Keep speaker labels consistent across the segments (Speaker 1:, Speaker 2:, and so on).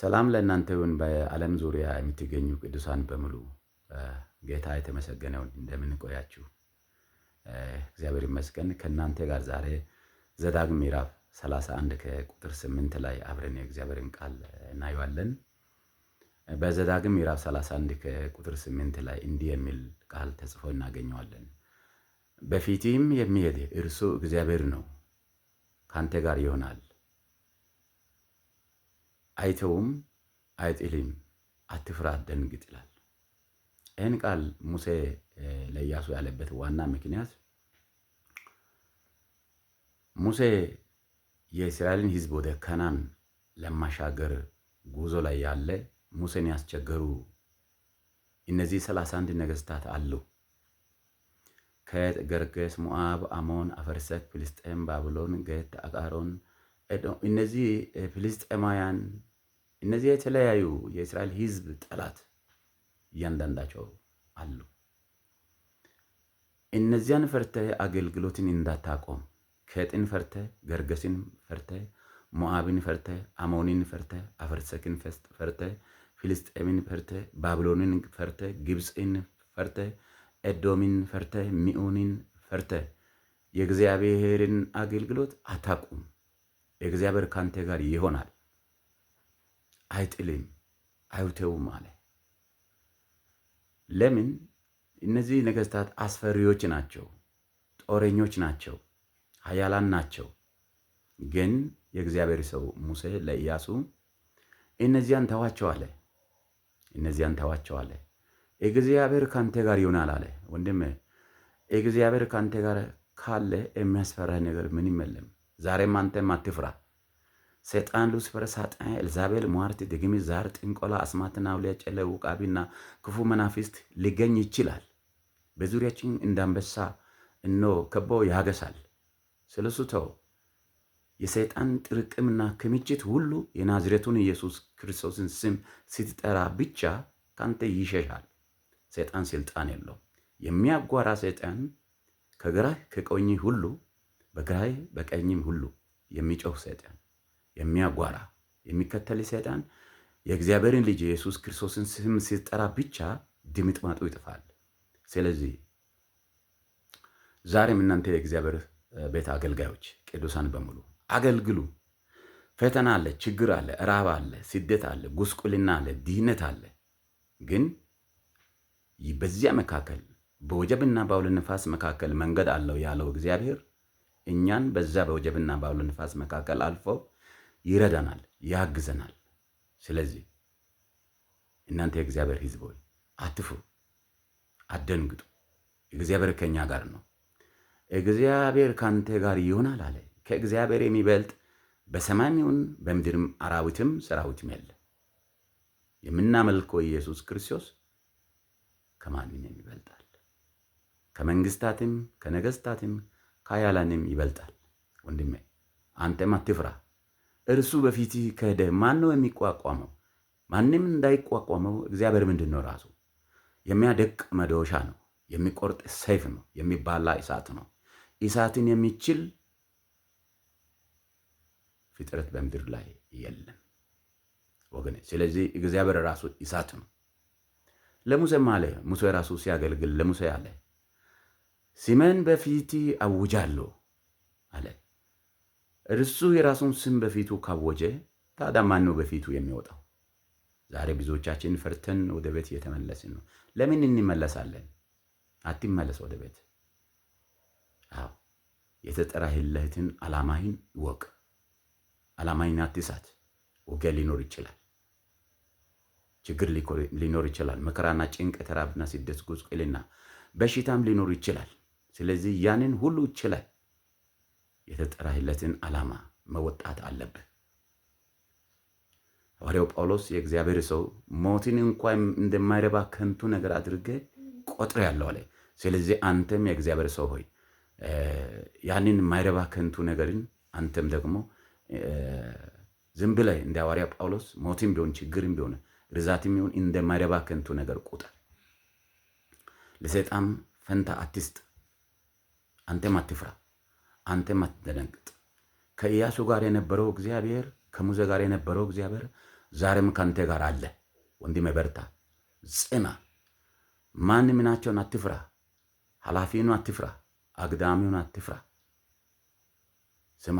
Speaker 1: ሰላም ለእናንተ ይሁን። በዓለም ዙሪያ የምትገኙ ቅዱሳን በሙሉ ጌታ የተመሰገነውን እንደምንቆያችሁ እግዚአብሔር ይመስገን። ከእናንተ ጋር ዛሬ ዘዳግም ምዕራፍ 31 ከቁጥር 8 ላይ አብረን የእግዚአብሔርን ቃል እናየዋለን። በዘዳግም ምዕራፍ 31 ከቁጥር 8 ላይ እንዲህ የሚል ቃል ተጽፎ እናገኘዋለን። በፊትህም የሚሄድ እርሱ እግዚአብሔር ነው፣ ከአንተ ጋር ይሆናል አይተውም አይጥልም፣ አትፍራ ደንግጥ ይላል። ይህን ቃል ሙሴ ለኢያሱ ያለበት ዋና ምክንያት ሙሴ የእስራኤልን ሕዝብ ወደ ከናን ለማሻገር ጉዞ ላይ ያለ ሙሴን ያስቸገሩ እነዚህ ሰላሳ አንድ ነገስታት አሉ። ከጥ፣ ገርጌስ፣ ሞአብ፣ አሞን፣ አፈርሰክ፣ ፍልስጤም፣ ባብሎን፣ ገት፣ አቃሮን እነዚህ ፍልስጤማውያን እነዚህ የተለያዩ የእስራኤል ህዝብ ጠላት እያንዳንዳቸው አሉ። እነዚያን ፈርተ አገልግሎትን እንዳታቆም ኬጥን ፈርተ፣ ገርገስን ፈርተ፣ ሞዓብን ፈርተ፣ አሞኒን ፈርተ፣ አፈርሰክን ፈርተ፣ ፊልስጤምን ፈርተ፣ ባብሎንን ፈርተ፣ ግብፅን ፈርተ፣ ኤዶሚን ፈርተ፣ ሚኡንን ፈርተ የእግዚአብሔርን አገልግሎት አታቁም። እግዚአብሔር ካንተ ጋር ይሆናል። አይጥልም አይውተውም አለ። ለምን? እነዚህ ነገስታት አስፈሪዎች ናቸው፣ ጦረኞች ናቸው፣ ሀያላን ናቸው። ግን የእግዚአብሔር ሰው ሙሴ ለኢያሱ እነዚያን ተዋቸው አለ። እነዚያን ተዋቸው አለ። እግዚአብሔር ካንተ ጋር ይሆናል አለ። ወንድም እግዚአብሔር ካንተ ጋር ካለ የሚያስፈራህ ነገር ምንም የለም። ዛሬም አንተም አትፍራ። ሰይጣን ሉሲፈር፣ ሳጥን፣ ኤልዛቤል፣ ሟርት፣ ድግሚ፣ ዛር፣ ጥንቆላ፣ አስማትና አውሊያ፣ ጨለ፣ ውቃቢና ክፉ መናፍስት ሊገኝ ይችላል። በዙሪያችን እንዳንበሳ እኖ ከቦ ያገሳል። ስለሱ ተው። የሰይጣን ጥርቅምና ክምችት ሁሉ የናዝሬቱን ኢየሱስ ክርስቶስን ስም ስትጠራ ብቻ ካንተ ይሸሻል። ሰይጣን ስልጣን የለው። የሚያጓራ ሰይጣን ከግራህ ከቀኝ ሁሉ በግራህ በቀኝም ሁሉ የሚጮህ ሰይጣን የሚያጓራ የሚከተል ሰይጣን የእግዚአብሔርን ልጅ የኢየሱስ ክርስቶስን ስም ሲጠራ ብቻ ድምጥማጡ ይጥፋል። ስለዚህ ዛሬም እናንተ የእግዚአብሔር ቤት አገልጋዮች ቅዱሳን በሙሉ አገልግሉ። ፈተና አለ፣ ችግር አለ፣ ራብ አለ፣ ስደት አለ፣ ጉስቁልና አለ፣ ድህነት አለ። ግን በዚያ መካከል በወጀብና በአውሎ ነፋስ መካከል መንገድ አለው ያለው እግዚአብሔር እኛን በዛ በወጀብና በአውሎ ነፋስ መካከል አልፈው ይረዳናል፣ ያግዘናል። ስለዚህ እናንተ የእግዚአብሔር ሕዝብ ሆይ አትፍሩ፣ አደንግጡ። እግዚአብሔር ከኛ ጋር ነው። እግዚአብሔር ካንተ ጋር ይሆናል አለ። ከእግዚአብሔር የሚበልጥ በሰማይም ይሁን በምድርም አራዊትም ሰራዊትም የለ። የምናመልከው ኢየሱስ ክርስቶስ ከማንም ይበልጣል። ከመንግስታትም ከነገስታትም ከአያላንም ይበልጣል። ወንድሜ አንተም አትፍራ። እርሱ በፊትህ ከሄደ ማን ነው የሚቋቋመው? ማንም እንዳይቋቋመው እግዚአብሔር ምንድን ነው? ራሱ የሚያደቅ መዶሻ ነው፣ የሚቆርጥ ሰይፍ ነው፣ የሚባላ እሳት ነው። እሳትን የሚችል ፍጥረት በምድር ላይ የለም ወገኔ። ስለዚህ እግዚአብሔር ራሱ እሳት ነው። ለሙሴም አለ፣ ሙሴ ራሱ ሲያገልግል ለሙሴ አለ ስሜን በፊትህ አውጃለሁ አለ። እርሱ የራሱን ስም በፊቱ ካወጀ ታዲያ ማን ነው በፊቱ የሚወጣው? ዛሬ ብዙዎቻችን ፈርተን ወደ ቤት እየተመለስን ነው። ለምን እንመለሳለን? አትመለስ ወደ ቤት። አዎ የተጠራህለትን ዓላማህን እወቅ። ዓላማህን አትሳት። ውጊያ ሊኖር ይችላል። ችግር ሊኖር ይችላል። መከራና ጭንቀት፣ ራብና ስደት፣ ጉስቁልና በሽታም ሊኖር ይችላል። ስለዚህ ያንን ሁሉ ይችላል የተጠራህለትን ዓላማ መወጣት አለብህ። ሐዋርያው ጳውሎስ የእግዚአብሔር ሰው ሞትን እንኳ እንደማይረባ ከንቱ ነገር አድርጌ ቆጥር ያለው አለ። ስለዚህ አንተም የእግዚአብሔር ሰው ሆይ ያንን የማይረባ ከንቱ ነገርን አንተም ደግሞ ዝም ብለህ እንደ ሐዋርያ ጳውሎስ ሞትም ቢሆን ችግርም ቢሆን ርዛትም ቢሆን እንደማይረባ ከንቱ ነገር ቁጠር። ለሰይጣን ፈንታ አትስጥ። አንተም አትፍራ። አንተም አትደነግጥ። ከኢያሱ ጋር የነበረው እግዚአብሔር፣ ከሙሴ ጋር የነበረው እግዚአብሔር ዛሬም ከአንተ ጋር አለ። ወንድሜ በርታ፣ ጽና። ማን ምናቸውን አትፍራ። ኃላፊውን አትፍራ። አግዳሚውን አትፍራ። ስማ፣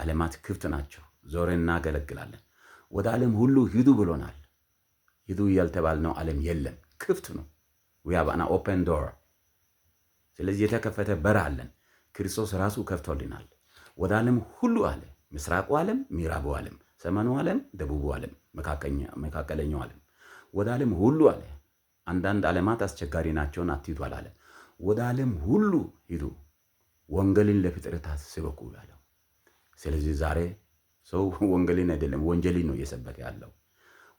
Speaker 1: ዓለማት ክፍት ናቸው። ዞረን እናገለግላለን። ወደ ዓለም ሁሉ ሂዱ ብሎናል። ሂዱ ያልተባልነው ዓለም የለም፣ ክፍት ነው። ዊ ሃቭ አን ዶር። ስለዚህ የተከፈተ በር አለን። ክርስቶስ ራሱ ከፍቶልናል። ወደ ዓለም ሁሉ አለ ምስራቁ ዓለም፣ ምዕራቡ ዓለም፣ ሰሜኑ ዓለም፣ ደቡቡ ዓለም፣ መካከለኛው ዓለም ወደ ዓለም ሁሉ አለ። አንዳንድ ዓለማት አስቸጋሪ ናቸውን አትሂዱ አላለ። ወደ ዓለም ሁሉ ሂዱ ወንጌልን ለፍጥረታት ስበኩ ያለው። ስለዚህ ዛሬ ሰው ወንጌልን አይደለም ወንጀልን ነው እየሰበከ ያለው።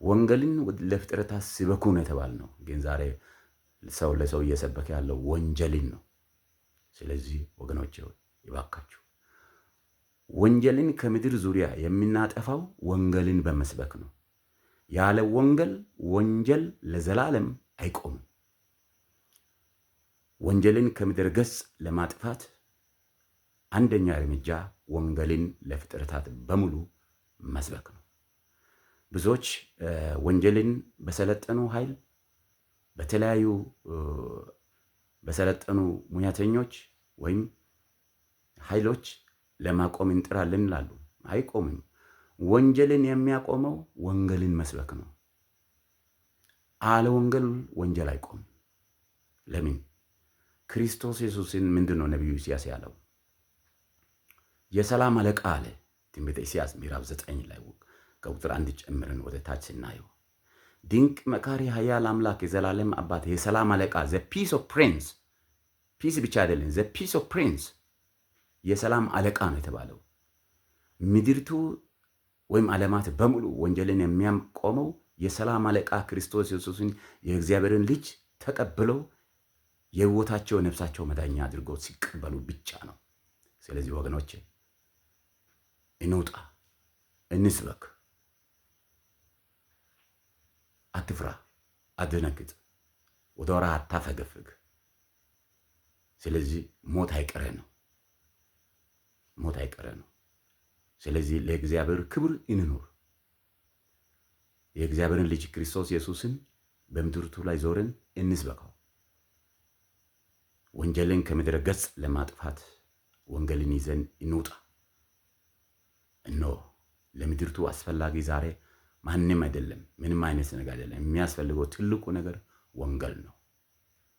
Speaker 1: ወንጌልን ለፍጥረታት ስበኩ ነው የተባል ነው፣ ግን ዛሬ ሰው ለሰው እየሰበከ ያለው ወንጀልን ነው። ስለዚህ ወገኖች ይባካችሁ ወንጀልን ከምድር ዙሪያ የምናጠፋው ወንጌልን በመስበክ ነው። ያለ ወንጌል ወንጀል ለዘላለም አይቆምም። ወንጀልን ከምድረ ገጽ ለማጥፋት አንደኛ እርምጃ ወንጌልን ለፍጥረታት በሙሉ መስበክ ነው። ብዙዎች ወንጀልን በሰለጠኑ ኃይል በተለያዩ በሰለጠኑ ሙያተኞች ወይም ኃይሎች ለማቆም እንጥራለን ይላሉ። አይቆምም። ወንጀልን የሚያቆመው ወንጌልን መስበክ ነው። አለ ወንጌል ወንጀል አይቆምም። ለምን? ክርስቶስ ኢየሱስን ምንድን ነው ነቢዩ ኢሳያስ ያለው? የሰላም አለቃ አለ። ትንቢተ ኢሳያስ ምዕራፍ ዘጠኝ ላይ ከቁጥር አንድ ጨምረን ወደ ታች ስናየው ድንቅ መካሪ ኃያል አምላክ የዘላለም አባት የሰላም አለቃ ዘ ፒስ ኦፍ ፕሪንስ ፒስ ብቻ አይደለም፣ ዘ ፒስ ኦፍ ፕሪንስ የሰላም አለቃ ነው የተባለው። ምድርቱ ወይም ዓለማት በሙሉ ወንጀልን የሚያቆመው የሰላም አለቃ ክርስቶስ ኢየሱስን የእግዚአብሔርን ልጅ ተቀብለው የሕይወታቸው ነፍሳቸው መዳኛ አድርጎ ሲቀበሉ ብቻ ነው። ስለዚህ ወገኖች እንውጣ፣ እንስበክ። አትፍራ፣ አትደነግጥ፣ ወደ ኋላ አታፈገፍግ። ስለዚህ ሞት አይቀረ ነው፣ ሞት አይቀረ ነው። ስለዚህ ለእግዚአብሔር ክብር እንኖር። የእግዚአብሔርን ልጅ ክርስቶስ ኢየሱስን በምድርቱ ላይ ዞረን እንስበከው። ወንጀልን ከምድረ ገጽ ለማጥፋት ወንጌልን ይዘን እንውጣ። እነሆ ለምድርቱ አስፈላጊ ዛሬ ማንም አይደለም፣ ምንም አይነት ነገር አይደለም። የሚያስፈልገው ትልቁ ነገር ወንጌል ነው።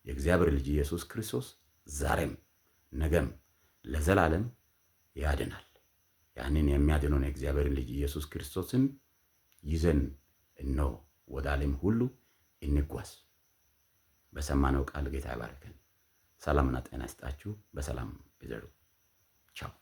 Speaker 1: የእግዚአብሔር ልጅ ኢየሱስ ክርስቶስ ዛሬም ነገም ለዘላለም ያድናል። ያንን የሚያድነውን የእግዚአብሔርን ልጅ ኢየሱስ ክርስቶስን ይዘን እነሆ ወደ ዓለም ሁሉ እንጓዝ። በሰማነው ቃል ጌታ ይባርከን። ሰላምና ጤና ይስጣችሁ። በሰላም ይዘሩ። ቻው